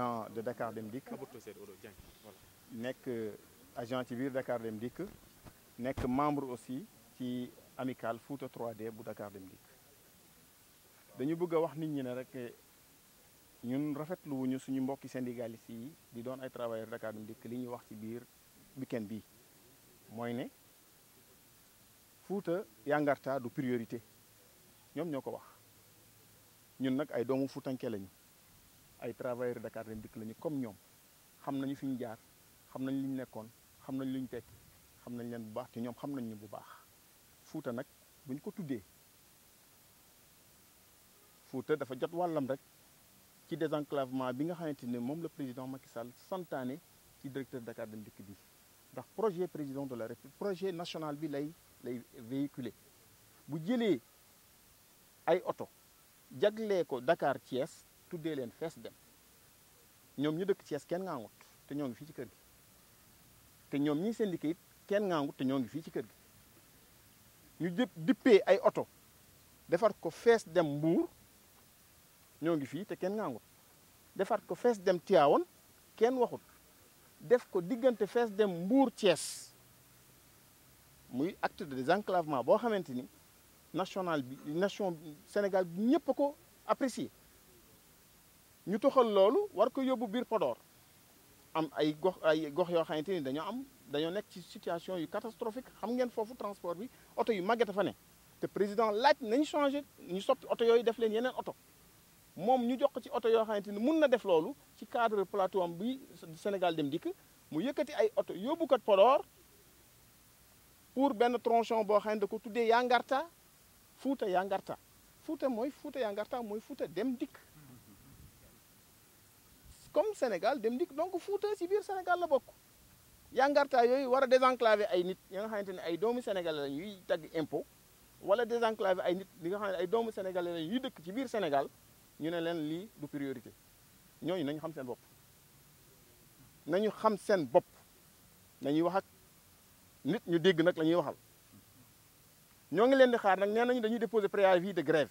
agent de Dakar Demdik. Dikk agent ci Dakar Demdik. Nek membre aussi ci amical foot 3D bu Dakar Demdik. dañu bëgg wax nit ñi ne rek ñun rafetlu wuñu suñu mbokk syndicaliste yi di doon ay travailleurs Dakar Demdik li ñuy wax ci biir week-end Moy né ne Fouta Yangarta du priorité Ñom ñoko wax ñun nak ay doomu fuutanke lañu ay travailleurs Dakar comme nous. xam nañu jaar xam nañ nekkoon xam nañ bu baax te ñoom xam ñu bu baax Fuuta nag buñ ko tuddee Fuuta dafa jot wàllam rek ci désenclavement bi nga xamante ne moom le président Macky Sall santaane ci directeur Dakar Dem bi ndax projet président de la République projet national bi lay lay véhiculer bu ay ko Dakar tuddee leen fees dem ñoom ñu dëkk cees kenn ngaangut te ñoo ngi fii ci kër gi te ñoom ñii seen liggéey kenn ngaangut te ñoo ngi fii ci kër gi ñu jëpp dippee ay oto defar ko fees dem mbuur ñoo ngi fii te kenn ngaangut defar ko fees dem Tiwaawan kenn waxut def ko diggante fees dem mbuur cees muy acte de désenclavement boo xamante ni national bi nation Sénégal bi ñëpp ko apprécier ñu toxal loolu war ko yóbbu biir Podor am ay gox ay gox yoo xamante ni dañoo am dañoo nekk ci situation yu catastrophique xam ngeen foofu transport bi oto yu màgget a fa ne te président laaj nañ changé ñu soppi oto yooyu def leen yeneen oto moom ñu jox ko ci oto yoo xamante ni mun na def loolu ci cadre plateau am bi Sénégal dem ndikk mu yëkkati ay oto yóbbu ko Podor pour benn tronçon boo xam ne da ko tuddee Yangarta Fouta Yangarta Fouta mooy Fouta Yangarta mooy Fouta dem dikk comme Sénégal dem dikk donc Fouta ci biir Sénégal la bokk yangartaa yooyu war a désenclaver ay nit yi nga xamante ay doomu sénégalais la ñuy tagg impôt wala désenclaver ay nit li nga xam ay doomu sénégalais la ñuy dëkk ci biir Sénégal ñu ne leen lii du priorité ñooñu nañu xam seen bopp nañu xam seen bopp nañuy wax ak nit ñu dégg nag la ñuy waxal ñoo ngi leen di xaar nag nee nañu dañuy déposer préavis de grève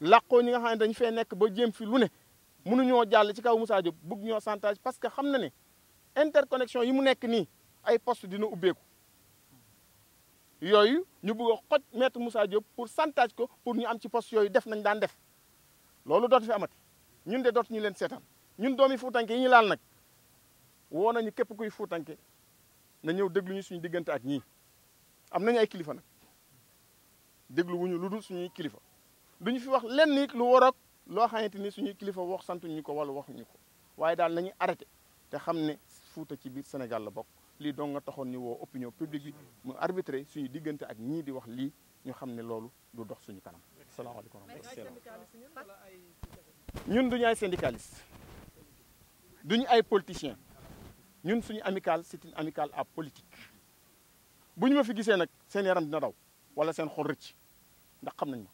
làqoo ñi nga xam ne dañu fee nekk ba jéem fi lu ne mënuñoo jàll ci kaw Moussa Diop bëgg ñoo chantage parce que xam na ne interconnexion yi mu nekk nii ay post dina ubbeeku yooyu ñu bëgg a xoj maître Moussa Diop pour chantage ko pour ñu am ci post yooyu def nañ daan def loolu dootu fi amati ñun de dootu ñu leen seetaan ñun doomi fuutanke yi ñu laal nag woo nañu képp kuy fuutanke na ñëw déglu ñu suñu diggante ak ñii am nañu ay kilifa nag déglu wuñu lu dul suñuy kilifa ñu fi wax lenn nit lu war ak loo xamante ni suñuy kilifa wax sant ñu ko wala waxuñu ko waaye daal nañu arrêté te xam ne Fuuta ci biir Sénégal la bokk lii dong nga taxoon ñu woo opinion publique bi mu arbitré suñu diggante ak ñii di wax lii ñu xam ne loolu du dox suñu kanam salaamaaleykum ñun duñu ay syndicaliste duñu ay politicien ñun suñu amicale c'est une amicale à politique bu ñu ma fi gisee nag seen yaram dina daw wala seen xol rëcc ndax xam nañ ma